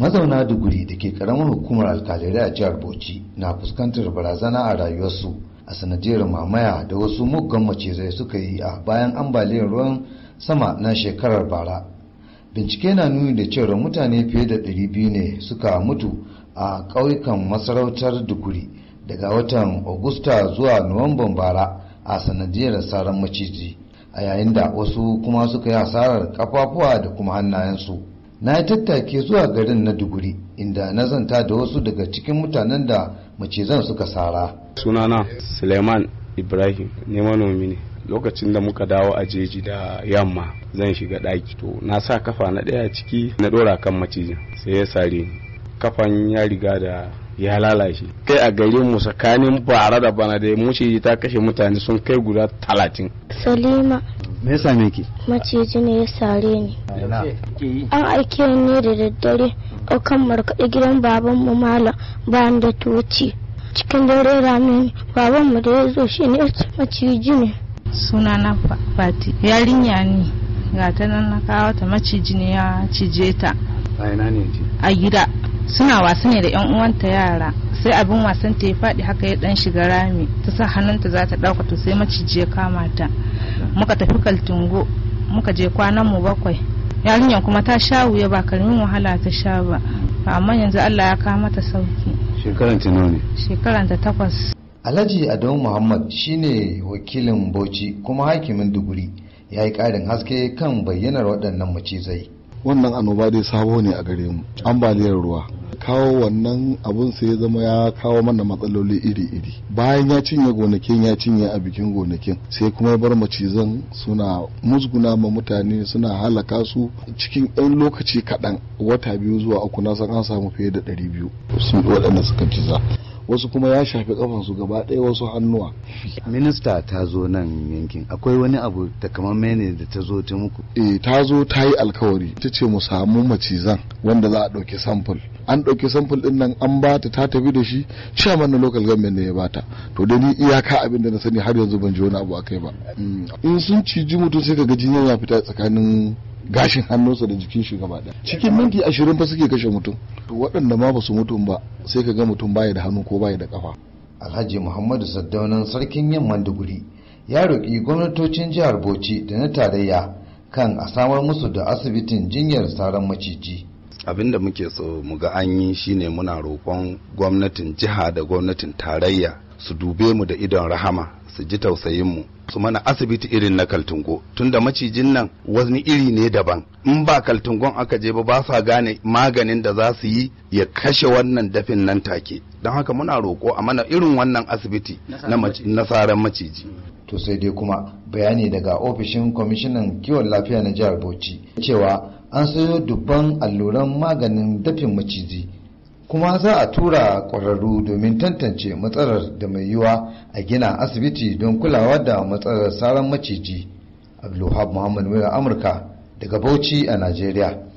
mazauna duguri da ke karamar hukumar alkalirai a jihar bauchi na fuskantar barazana a rayuwarsu a sanadiyar mamaya da wasu muggan macizai suka yi a bayan ambaliyar ruwan sama na shekarar bara bincike na nuni da cewa mutane fiye da 200 ne suka mutu a ƙauyukan masarautar duguri daga watan augusta zuwa nuwamban bara a sanadiyar saran maciji a yayin da wasu kuma suka yi asarar kafafuwa da kuma hannayensu na yi tattake zuwa garin na duguri inda na zanta da wasu daga cikin mutanen da mace zan suka sara sunana suleiman ibrahim ne manomi ne lokacin da muka dawo a jeji da yamma zan shiga ɗaki to na sa kafa na ɗaya ciki na ɗora kan macijin sai ya sare ni kafan ya riga da ya lalace kai a garin mu tsakanin bara da bana da muci ta kashe mutane sun kai guda talatin salima me yasa ne ki maciji ne ya sare ni an aike ni da daddare ɗaukan markaɗe gidan baban mu malam bayan da tuci cikin dare rami baban mu da ya zo shi ne maciji ne suna na fati yarinya ne ga ta nan na kawo ta maciji ne ya cije ta a gida suna wasu ne da yan uwanta yara sai abin wasan ta ya faɗi haka ya dan shiga rami ta sa hannunta za ta ɗauka to sai maciji ya kama ta muka tafi kaltungo muka je kwanan mu bakwai yarinyar kuma ta sha wuya ba karamin wahala ta sha ba amma yanzu Allah ya kawo mata sauki shekaran ta nawa shekaran ta takwas Alhaji Adamu Muhammad shine wakilin Bauchi kuma hakimin Duguri ya yi ƙarin haske kan bayyanar waɗannan macizai wannan annoba dai sabo ne a gare mu ambaliyar ruwa kawo wannan abun sai ya zama ya kawo mana matsaloli iri-iri bayan ya cinye gonakin ya cinye a bikin gonakin sai kuma ya bar macizan suna musguna ma mutane suna halaka su cikin 'yan lokaci kaɗan wata biyu zuwa uku na san an samu fiye da ɗari biyu sun waɗanda suka ciza wasu kuma ya shafi kafansu gaba ɗaya wasu hannuwa minista ta zo nan yankin akwai wani abu takamamme ne da ta zo ta muku eh ta zo ta yi alkawari ta ce mu samu macizan wanda za a ɗauki sample an ɗauki sample ɗin nan an ba ta ta tafi da shi cewa na local government ne ya ba ta to da ni iyaka abin da na sani har yanzu ban ji wani abu akai ba mm. in sun ciji mutum sai ka ga jinin ya fita tsakanin gashin hannunsa da jikin shi gaba ɗaya cikin minti ashirin ba suke kashe mutum waɗanda ma ba su mutum ba sai ka ga mutum baya da hannu ko baya da ƙafa alhaji muhammadu saddaunan sarkin yin manduguri ya roƙi gwamnatocin jihar bauchi da na tarayya kan a samar musu da asibitin jinyar saran maciji abin da muke so mu ga an yi shine muna roƙon gwamnatin jiha da gwamnatin tarayya su dube mu da idon rahama su ji tausayin mu. su mana asibiti irin na kaltungo tunda macijin nan wani iri ne daban in ba kaltungon aka je ba ba sa gane maganin da za su yi ya kashe wannan dafin nan take don haka muna roko a mana irin wannan asibiti na saran maciji to sai dai kuma bayani daga ofishin kwamishinan kiwon lafiya na jihar bauchi cewa an sayo dubban alluran maganin dafin maciji kuma za a tura ƙwararru domin tantance matsalar da mai yiwa a gina asibiti don kulawa da matsalar saran maciji abdulhab muhammad wira amurka daga bauchi a najeriya